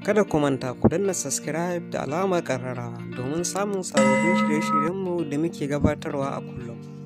Kada ku manta ku danna subscribe da alamar ƙarara domin samun sababbin shirye-shiryenmu da muke gabatarwa a kullum.